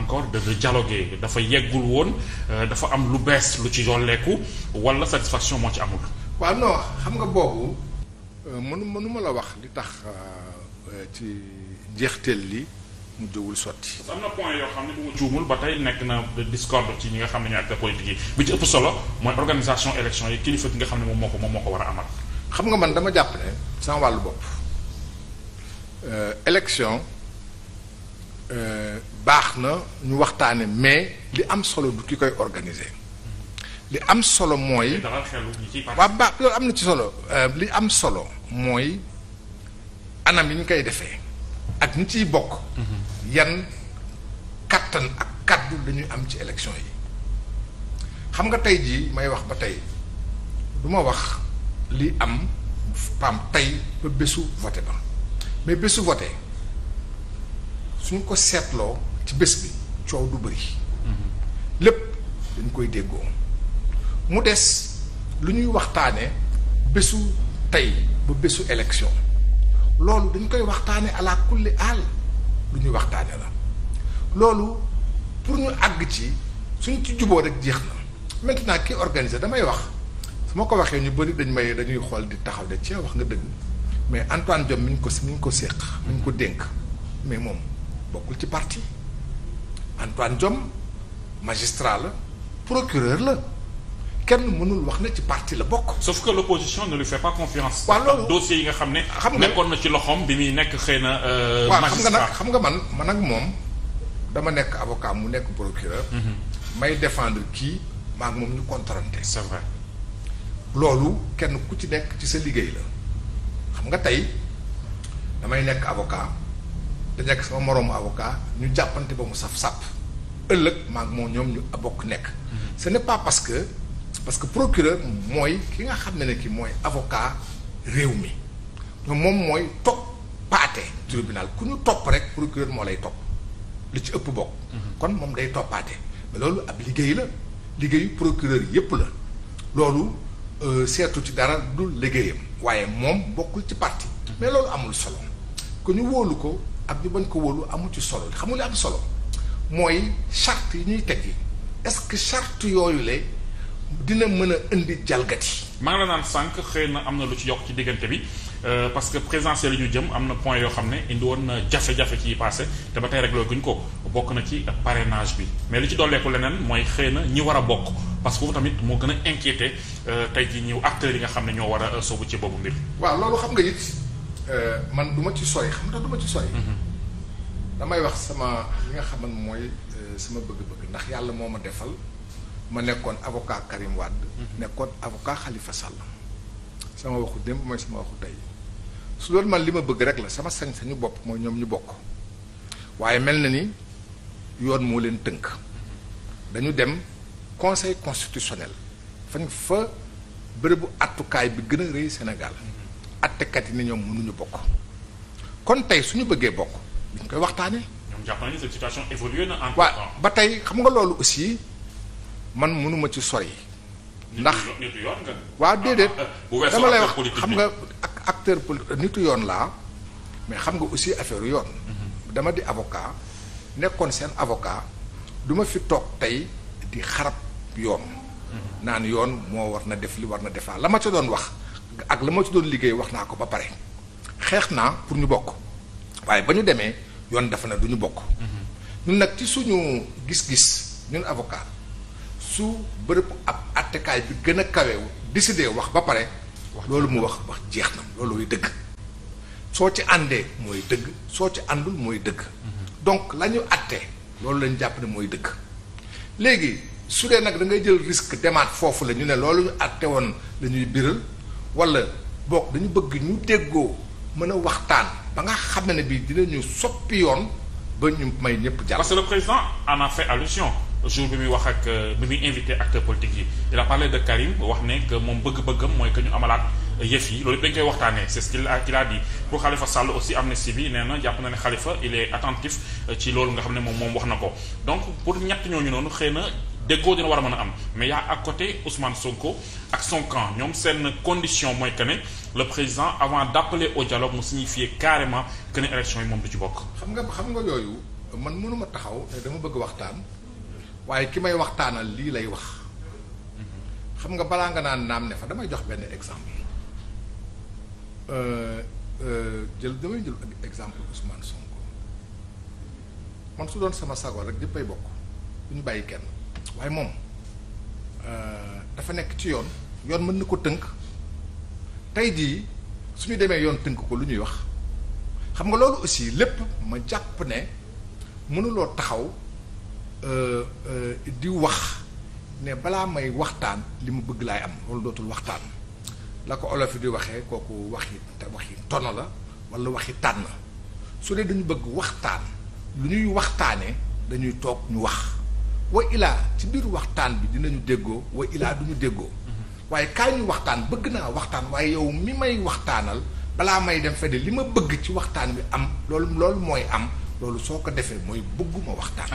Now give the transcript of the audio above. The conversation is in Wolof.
encore de de dialoguer dafa yeggul woon euh, dafa am lu bees lu ci yolleeku wala satisfaction moo ci amul. waaw non xam nga boobu euh, mënu mënuma la wax li tax euh, ci njeexteel li mu jógul sotti. am bu ma juumul ba tey nekk na discorde ci ñi nga xam ne ñooy acteurs politiques yi bi ci ëpp solo mooy organisation élection yi kilifa gi nga xam ne moom moo ko moom moo ko war a amal. xam nga man dama jàpp ne sama wàllu bopp élection. Euh, baax na ñu waxtaane mais li am solo du ki koy organiser li am solo mooy waaw baax loolu am na ci solo euh, li am solo mooy anam yi ñu koy defee ak ñi ciy bokk mhm. yan kattan ak kàddu la ñuy am ci élection yi xam nga tey jii may wax ba tey du ma wax li am PAM tey ba bésu voté ba mais bésu voté suñ ko seetloo ci bés bi coow du bëri lépp dañ koy déggoo mu des lu ñuy waxtaane bésu tey ba bésu élection loolu dañ koy waxtaane ala kulli aal lu ñuy waxtaane la loolu pour ñu àgg ci suñ ci juboo rek jeex na maintenant kii organisé damay wax su ma ko waxee ñu bari dañ may dañuy xool di taxaw de cee wax nga dëgg mais Antoine Diome mi ñu ko mi ñu ko séq mi ñu ko dénk mais moom bokkul ci parti Antoine Diome magistrat la procureur la kenn mënul wax ne ci parti la bokk. sauf que l'opposition ne lui confiance. waaw loolu dossier yi nga xam ne. xam nga nekkoon na ci loxoom bi muy nekk xëy na. magistrat euh, waaw xam nga nag xam nga man man ak moom dama nekk avocat mu nekk procureur. Mhm. may défendre kii maa ngi moom ñu contranté. c'est loolu kenn ku ci nekk ci sa liggéey la xam nga tey damay nekk avocat. dañu nekk sama moroomu avocat ñu jàppante ba mu saf sàpp ëllëg maag moom ñoom ñu bokk nekk. Mhm. ce n'est pas parce que parce que procureur mooy ki nga xam ne ne ki mooy avocat réew mi ñoom moom mooy topp paate tribunal ku ñu topp rek procureur moo lay topp li ci ëpp bokk. Mhm. kon moom day toppaate loolu ab liggéey la liggéeyu procureur yépp la loolu euh, seetu ci dara du liggéeyam waaye moom bokkul ci parti mhm. mais loolu amul solo ku ñu wóolu ko. ak ñu bañ ko wóolu amu ci solo xam nga li solo mooy charte yi ñuy teg yi est-ce que charte yooyu le dina mën a indi jalgati. maa ngi la naan sànq xëy na am na lu ci yokk ci diggante bi euh, parce que présidentielle yi ñu jëm am na point yoo xam ne indi woon na jafe-jafe ci yi passé te ba tey réglé guñ ko bokk na ci parrainage bi mais lu ci dolleeku leneen mooy xëy na ñi war a bokk parce que foofu tamit moo gën a inquiété euh, tey ji ñëw acteurs yi nga xam ne ñoo war a euh, soobu ci boobu mbir. nga Euh, man du ma ci sooy xam nga ma ci sooy. Mhm. damay wax sama li nga xaman mooy euh, sama bëgg-bëgg ndax yàlla moo ma defal ma nekkoon avocat Karim Wade. Mhm. nekkoon avocat Khalifa Sall. sama waxu démb mooy sama waxu tey su doon man li ma bëgg rek la sama sañ-sañu bopp mooy ñoom ñu bokk waaye mel na ni yoon moo leen tënk dañu dem conseil constitutionnel fañ fa bërëbu àttukaay bi gën a rëy Sénégal. attekat yi ne ñoom mënuñu bokk kon tey suñu bëggee bokk dañ koy waxtaanee. ñoom jàpp nañu cette situation évolué en waaw ba tey xam nga loolu aussi man mënuma ci sori. ndax waa yoon déedéet ah, ah, dama lay wax xam nga ak acteur politique nitu yoon laa mais xam nga aussi affaire yoon. Mm-hmm. dama di avocat nekkoon seen avocat du ma fi toog tey di xarab yoon. Mm-hmm. naan yoon moo war na def li war na def la ma ca doon wax. ak la ma ci doon liggéey wax naa ko ba pare xeex naa pour ñu bokk waaye ba ñu demee yoon dafa na duñu ñu bokk ñun nag ci suñu gis-gis ñun avocat su bërëb ab attekaay bi gën a kawewu décidé wax ba pare loolu mu wax wax jeex na loolu luy dëgg soo ci àndee mooy dëgg soo ci àndul mooy dëgg mhm. donc lañu ñu loolu lañu jàpp ne mooy dëgg léegi su dee nag da ngay jël risque demaat foofu la ñu ne loolu ñu atte woon lañuy ñuy biral wala boog dañu bëgg ñu déggoo mën a waxtaan ba nga xam ne bii dinañu soppi yoon ba ñu may ñëpp jàll. parce que le président en a fait allusion jour bi muy wax ak euh, bi muy invité acteurs politiques yi il a parlé de Karim wax ne que moom bëgg-bëggam mooy que ñu amalaat yëf yi loolu dañ koy waxtaanee c'est ce qu'il a qu'il a dit pour Khalifa Sall aussi amnistie bi nee na jàpp na ne Khalifa il est attentif euh, ci loolu nga xam ne moom moom wax na ko donc pour ñett ñooñu na. déggoo dina war a mën a am mais y'a à côté Ousmane Sonko ak son camp ñoom seen condition mooy que ne le président avant d'appeler au dialogue mu signifier carrément que ne élection moom du ci bokk. xam nga xam nga yooyu man mënuma taxaw te dama bëgg waxtaan waaye ki may waxtaanal lii lay wax xam nga balaa nga naan naam ne fa damay jox benn exemple euh, euh, jël damay jël exemple Ousmane Sonko man su doon sama sago rek ñëppay bokk du ñu bàyyi kenn. waaye moom euh, dafa nekk ci yoon yoon mën na ko tënk tey jii su ñu demee yoon tënk ko lu ñuy wax xam nga loolu aussi lépp ma jàpp ne mënuloo taxaw euh, euh, di wax ne balaa may waxtaan li mu bëgg laay am loolu dootul waxtaan la ko olof yi di waxee kooku waxi waxi tono la wala waxi tànn su dee dañu bëgg waxtaan lu ñuy waxtaanee dañuy toog ñu wax wa ilaa ci biir waxtaan bi dinañu déggoo wa ilaa duñu déggoo mm-hmm. waaye kaay ñu waxtaan bëgg naa waxtaan waaye yow mi may waxtaanal balaa may dem fede li ma bëgg ci waxtaan wi am loolu loolu mooy am loolu soo ko defee mooy bëgguma waxtaan